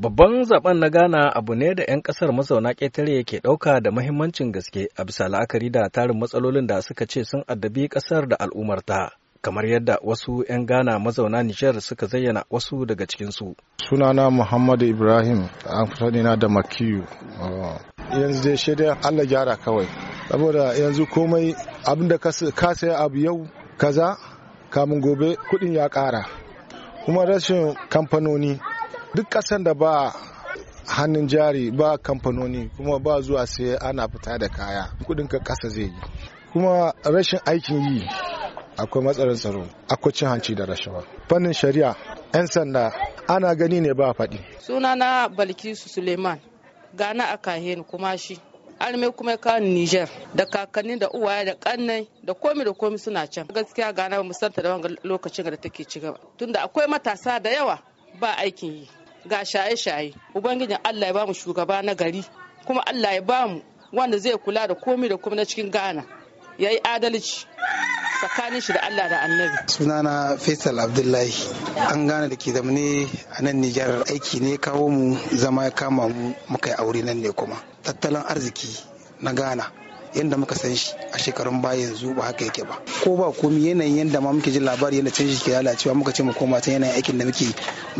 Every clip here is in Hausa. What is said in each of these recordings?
Babban zaben na Ghana abu ne da 'yan kasar mazauna ƙetare yake ɗauka da mahimmancin gaske a bisa la'akari da tarin matsalolin da suka ce sun addabi ƙasar da al'ummarta. Kamar yadda wasu 'yan Ghana mazauna Nijar suka zayyana wasu daga cikinsu. Sunana Muhammadu Ibrahim, an fi na da Makiyu. Yanzu dai shaidai Allah gyara kawai. Saboda yanzu komai abin ka saya abu yau kaza kamun gobe kuɗin ya ƙara. Kuma rashin kamfanoni duk kasan da ba hannun jari ba kamfanoni kuma ba zuwa sai ana fita da kaya kudin ka ƙasa zai yi kuma rashin aikin yi akwai matsalar tsaro akwai cin hanci da rashawa fannin shari'a 'yan sanda ana gani ne ba faɗi na balkisu suleiman gana a kahen kuma shi arme kuma ka Niger da kakanni da uwaye da kannai da komi da komi suna can gaskiya gana ba musanta da wanga lokacin da take ci gaba tunda akwai matasa da yawa ba aikin yi ga shaye-shaye ubangijin allah ya bamu shugaba na gari kuma allah ya bamu wanda zai kula da komi da kuma na cikin ghana ya yi adalci tsakanin shi da Allah da annabi. Sunana Faisal Abdullahi an gane da ke zamane a nan Nijar aiki ne kawo mu zama ya kama mu muka yi aure nan ne kuma. Tattalin arziki na Ghana yadda muka san shi a shekarun baya yanzu ba haka yake ba ko ba komi yanayin yadda ma muke ji labari yadda canji ke lalacewa muka ce mu koma ta yanayin aikin da muke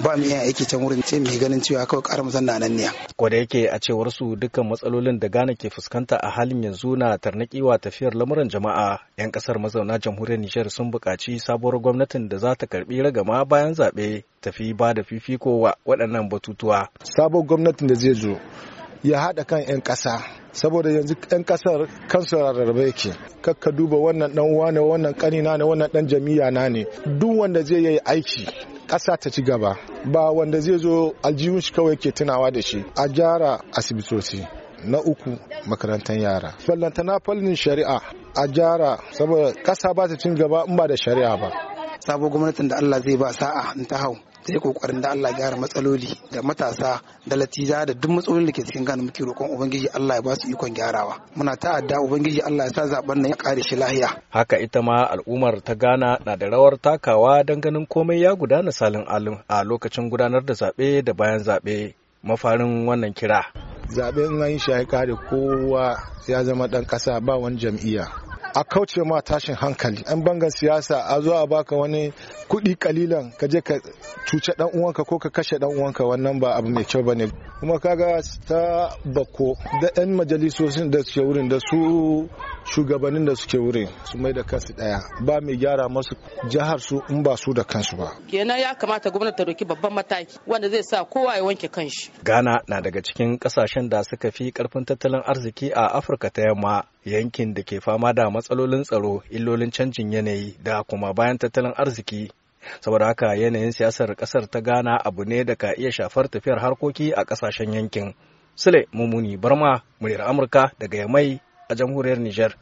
ba mu iya aiki can wurin ce mai ganin cewa kawai ƙara mu zanna nan ne ko da yake a cewar su dukkan matsalolin da Ghana ke fuskanta a halin yanzu na tarnaki wa tafiyar lamuran jama'a yan kasar mazauna jamhuriyar Nijar sun buƙaci sabuwar gwamnatin da za ta karbi ragama bayan zaɓe tafi ba da fifiko wa waɗannan batutuwa sabuwar gwamnatin da zai zo ya haɗa kan 'yan ƙasa saboda yanzu 'yan kasar kansu rarrabe yake kakka duba wannan dan wane wannan kanina ne wannan dan jami'a na ne duk wanda zai yi aiki ƙasa ta ci gaba ba wanda zai zo aljihun shi kawai ke tunawa da shi a gyara asibitoci na uku makarantar yara na fallin shari'a a gyara saboda ƙasa ba ta cin gaba in ba da shari'a ba sabo gwamnatin da Allah zai ba sa'a in ta hau ta yi kokarin da Allah gyara matsaloli da matasa da latiza da duk matsalolin da ke cikin gane muke roƙon ubangiji Allah ya ba su ikon gyarawa muna ta'adda ubangiji Allah ya sa zaben nan ya kare shi lahiya haka ita ma al'ummar ta gana na da rawar takawa dan ganin komai ya gudana salin alin a lokacin gudanar da zaɓe da bayan zaɓe mafarin wannan kira zaɓe in an yi shi ya kare kowa ya zama ɗan ƙasa ba wani jam'iyya a kauce ma tashin hankali an bangan siyasa a zo a baka wani kuɗi kalilan ka je ka cuce dan uwanka ko ka kashe dan uwanka wannan ba abu mai kyau ba ne kuma kaga ta bako da yan majalisosin da su wurin da su shugabannin da suke wurin su mai da kansu daya ba mai gyara masu jihar su in ba su da kansu ba kenan ya kamata gwamnati ta doki babban mataki wanda zai sa kowa ya wanke kanshi gana na daga cikin kasashen da suka fi karfin tattalin arziki a Afirka ta yamma yankin da ke fama da matsalolin tsaro illolin canjin yanayi da kuma bayan tattalin arziki saboda haka yanayin siyasar kasar ta gana abu ne da ka iya shafar tafiyar harkoki a kasashen yankin Sule Mumuni Barma, muryar Amurka daga Yamai a jamhuriyar Nijar.